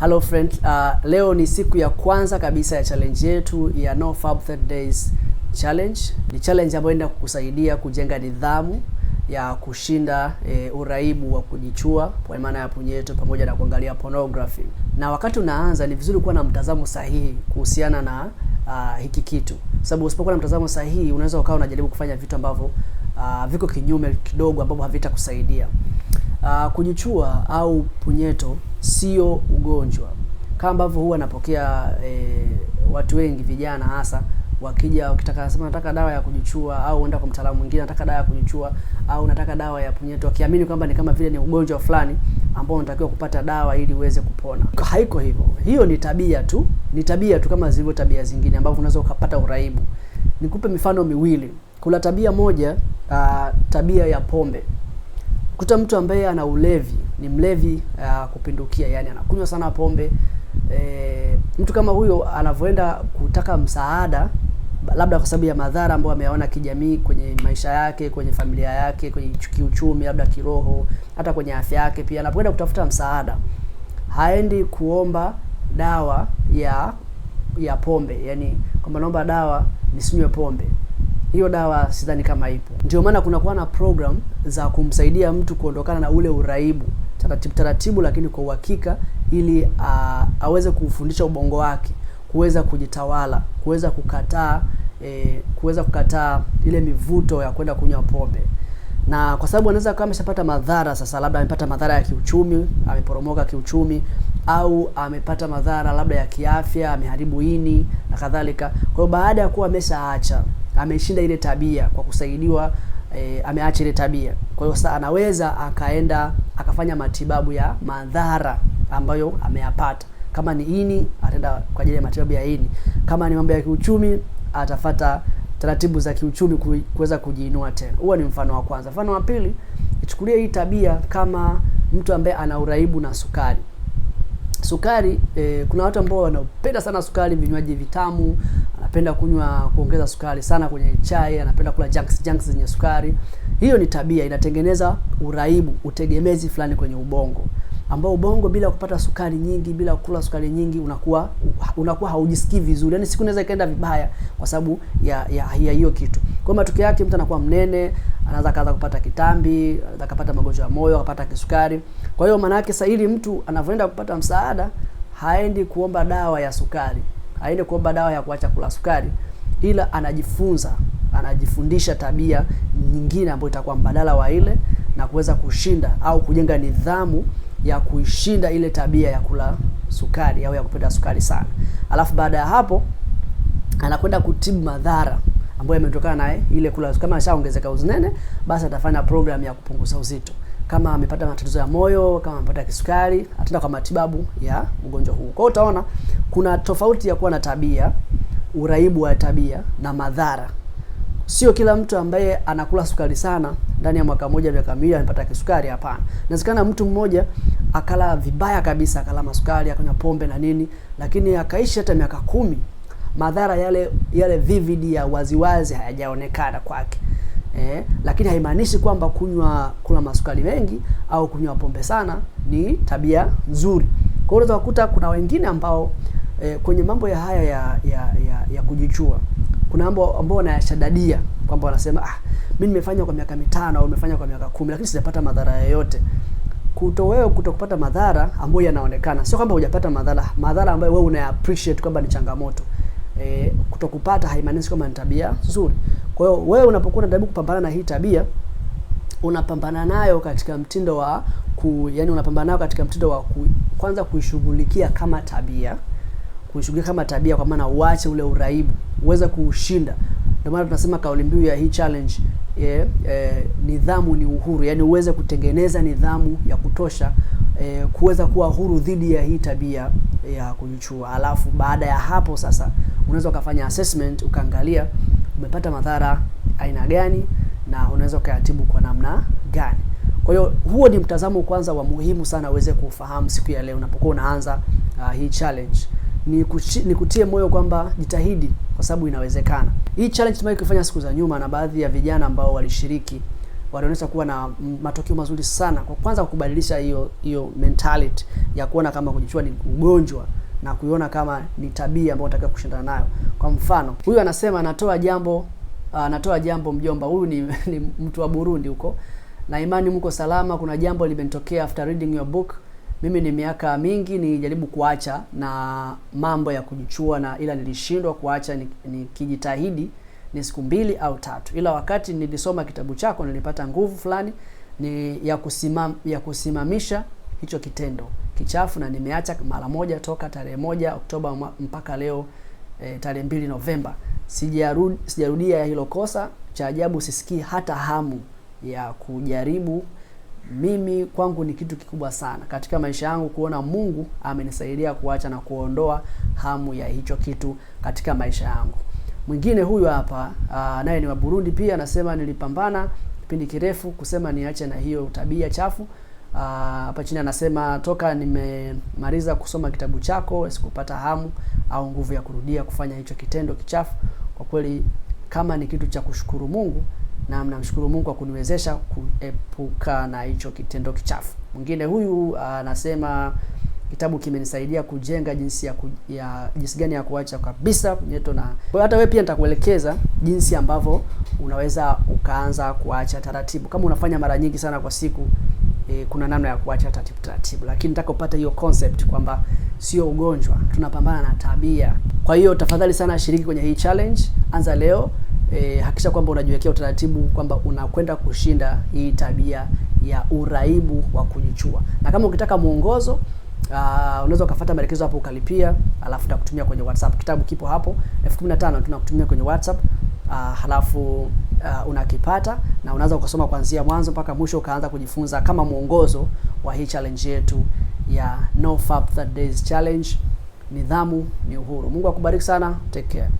Hello friends, uh, leo ni siku ya kwanza kabisa ya challenge yetu ya No Fab 30 Days Challenge. Ni challenge ambayo inaenda kukusaidia kujenga nidhamu ya kushinda e, uraibu wa kujichua kwa maana ya punyeto pamoja na kuangalia pornography. Na wakati unaanza ni vizuri kuwa na mtazamo sahihi kuhusiana na uh, hiki kitu. Sababu usipokuwa na mtazamo sahihi unaweza ukawa unajaribu kufanya vitu ambavyo uh, viko kinyume kidogo ambavyo havitakusaidia. Uh, kujichua au punyeto sio ugonjwa kama ambavyo huwa napokea e, watu wengi vijana hasa wakija wakitaka sema nataka dawa ya kujichua au uenda kwa mtaalamu mwingine, nataka dawa ya kujichua au nataka dawa ya punyeto, wakiamini kwamba ni kama vile ni ugonjwa fulani ambao unatakiwa kupata dawa ili uweze kupona. Haiko hivyo, hiyo ni tabia tu, ni tabia tu kama zilivyo tabia zingine ambavyo unaweza ukapata uraibu. Nikupe mifano miwili. Kuna tabia moja, uh, tabia ya pombe kuta mtu ambaye ana ulevi ni mlevi uh, kupindukia, yani anakunywa sana pombe e, mtu kama huyo anavyoenda kutaka msaada, labda kwa sababu ya madhara ambayo ameyaona kijamii, kwenye maisha yake, kwenye familia yake, kwenye kiuchumi, labda kiroho, hata kwenye afya yake pia, anapoenda kutafuta msaada haendi kuomba dawa ya ya pombe, yani kwamba naomba dawa nisinywe pombe hiyo dawa sidhani kama ipo. Ndio maana kunakuwa na program za kumsaidia mtu kuondokana na ule uraibu taratibu taratibu, lakini kwa uhakika, ili a, aweze kufundisha ubongo wake kuweza kujitawala, kuweza kukataa e, kuweza kukataa ile mivuto ya kwenda kunywa pombe, na kwa sababu anaweza kama ameshapata madhara sasa, labda amepata madhara ya kiuchumi, ameporomoka kiuchumi au amepata madhara labda ya kiafya, ameharibu ini na kadhalika. Kwa hiyo baada ya kuwa ameshaacha ameshinda ile tabia kwa kusaidiwa E, ameacha ile tabia. Kwa hiyo sasa anaweza akaenda akafanya matibabu ya madhara ambayo ameyapata. Kama ni ini, ataenda kwa ajili ya matibabu ya ini. Kama ni mambo ya kiuchumi, atafata taratibu za kiuchumi kuweza kujiinua tena. Huo ni mfano wa kwanza. Mfano wa pili, ichukulie hii tabia kama mtu ambaye ana uraibu na sukari. Sukari e, kuna watu ambao wanapenda sana sukari, vinywaji vitamu anapenda kunywa kuongeza sukari sana kwenye chai, anapenda kula junks junks zenye sukari. Hiyo ni tabia inatengeneza uraibu, utegemezi fulani kwenye ubongo ambao ubongo bila kupata sukari nyingi, bila kula sukari nyingi, unakuwa unakuwa haujisikii vizuri. Yaani siku inaweza ikaenda vibaya kwa sababu ya ya hiyo kitu. Kwa matokeo yake mtu anakuwa mnene, anaweza kaanza kupata kitambi, anaweza kupata magonjwa ya moyo, akapata kisukari. Kwa hiyo maana yake sasa, ili mtu anavyoenda kupata msaada haendi kuomba dawa ya sukari haende kuomba dawa ya kuacha kula sukari, ila anajifunza, anajifundisha tabia nyingine ambayo itakuwa mbadala wa ile na kuweza kushinda au kujenga nidhamu ya kuishinda ile tabia ya kula sukari au ya kupenda sukari sana. Alafu baada ya hapo anakwenda kutibu madhara ambayo yametokana na ile kula. Kama ashaongezeka uzinene, basi atafanya program ya kupunguza uzito kama amepata matatizo ya moyo, kama amepata kisukari, ataenda kwa matibabu ya ugonjwa huu. Kwa hiyo utaona kuna tofauti ya kuwa na tabia, uraibu wa tabia na madhara. Sio kila mtu ambaye anakula sukari sana ndani ya mwaka mmoja miaka miwili amepata kisukari. Hapana, inawezekana mtu mmoja akala vibaya kabisa, akala masukari, akanywa pombe na nini, lakini akaishi hata miaka kumi, madhara yale yale vividi ya waziwazi hayajaonekana kwake eh, lakini haimaanishi kwamba kunywa kula masukari mengi au kunywa pombe sana ni tabia nzuri. Kwa hiyo unaweza kuna wengine ambao eh, kwenye mambo ya haya ya ya, ya, ya kujichua kuna ambao ambao wanayashadadia kwamba wanasema ah, mimi nimefanya kwa miaka mitano au nimefanya kwa miaka kumi lakini sijapata madhara yoyote. Kuto wewe kutokupata madhara ambayo yanaonekana, sio kwamba hujapata madhara, madhara ambayo wewe una appreciate kwamba ni changamoto. Eh, kutokupata haimaanishi kwamba ni tabia nzuri. Kwa hiyo wewe unapokuwa unajaribu kupambana na hii tabia unapambana nayo katika mtindo wa ku, yani unapambana nayo katika mtindo wa ku, kwanza kuishughulikia kama tabia, kuishughulikia kama tabia, kwa maana uache ule uraibu, uweze kuushinda. Ndio maana tunasema kauli mbiu ya hii challenge yeah, eh, nidhamu ni uhuru, yani uweze kutengeneza nidhamu ya kutosha eh, kuweza kuwa huru dhidi ya hii tabia ya kujichua. Alafu baada ya hapo sasa unaweza ukafanya assessment ukaangalia umepata madhara aina gani na unaweza ukayatibu kwa namna gani. Kwa hiyo huo ni mtazamo kwanza wa muhimu sana uweze kufahamu siku ya leo unapokuwa unaanza uh, hii challenge. Ni, kuchi, ni kutie moyo kwamba jitahidi kwa sababu inawezekana. Hii challenge tumewahi kufanya siku za nyuma na baadhi ya vijana ambao walishiriki walionyesha kuwa na matokeo mazuri sana, kwa kwanza kubadilisha hiyo hiyo mentality ya kuona kama kujichua ni ugonjwa na kuiona kama ni tabia ambayo unataka kushindana nayo. Kwa mfano, huyu anasema anatoa jambo ah, anatoa jambo mjomba, huyu ni, ni mtu wa Burundi huko, na imani mko salama, kuna jambo limenitokea after reading your book. Mimi ni miaka mingi nijaribu kuacha na mambo ya kujichua na ila nilishindwa kuacha nikijitahidi ni ni siku mbili au tatu, ila wakati nilisoma kitabu chako nilipata nguvu fulani ni ya kusimam, ya kusimamisha hicho kitendo kichafu na nimeacha mara moja toka tarehe moja Oktoba mpaka leo e, tarehe mbili Novemba. Sijarudi, sijarudia hilo kosa. Cha ajabu sisikii hata hamu ya kujaribu. Mimi kwangu ni kitu kikubwa sana katika maisha yangu kuona Mungu amenisaidia kuacha na kuondoa hamu ya hicho kitu katika maisha yangu. Mwingine huyu hapa ah, naye ni wa Burundi pia, anasema nilipambana kipindi kirefu kusema niache na hiyo tabia chafu. Ah, hapa chini anasema toka nimemaliza kusoma kitabu chako sikupata hamu au nguvu ya kurudia kufanya hicho kitendo kichafu. Kwa kweli kama ni kitu cha kushukuru Mungu, na mnamshukuru Mungu kwa kuniwezesha kuepuka na hicho kitendo kichafu. Mwingine huyu ah, anasema kitabu kimenisaidia kujenga jinsi ya, ku, ya jinsi gani ya kuacha kabisa punyeto na kwa hata wewe pia nitakuelekeza jinsi ambavyo unaweza ukaanza kuacha taratibu. Kama unafanya mara nyingi sana kwa siku e, kuna namna ya kuacha taratibu taratibu, lakini nataka upate hiyo concept kwamba sio ugonjwa, tunapambana na tabia. Kwa hiyo tafadhali sana shiriki kwenye hii challenge, anza leo. E, hakikisha kwamba unajiwekea utaratibu kwamba unakwenda kushinda hii tabia ya uraibu wa kujichua, na kama ukitaka mwongozo uh, unaweza ukafuata maelekezo hapo ukalipia, alafu takutumia kwenye WhatsApp. Kitabu kipo hapo elfu kumi na tano tunakutumia kwenye WhatsApp uh, halafu uh, unakipata na unaweza ukasoma kuanzia mwanzo mpaka mwisho ukaanza kujifunza kama mwongozo wa hii challenge yetu ya No Fap 30 Days Challenge. Nidhamu ni uhuru. Mungu akubariki sana. Take care.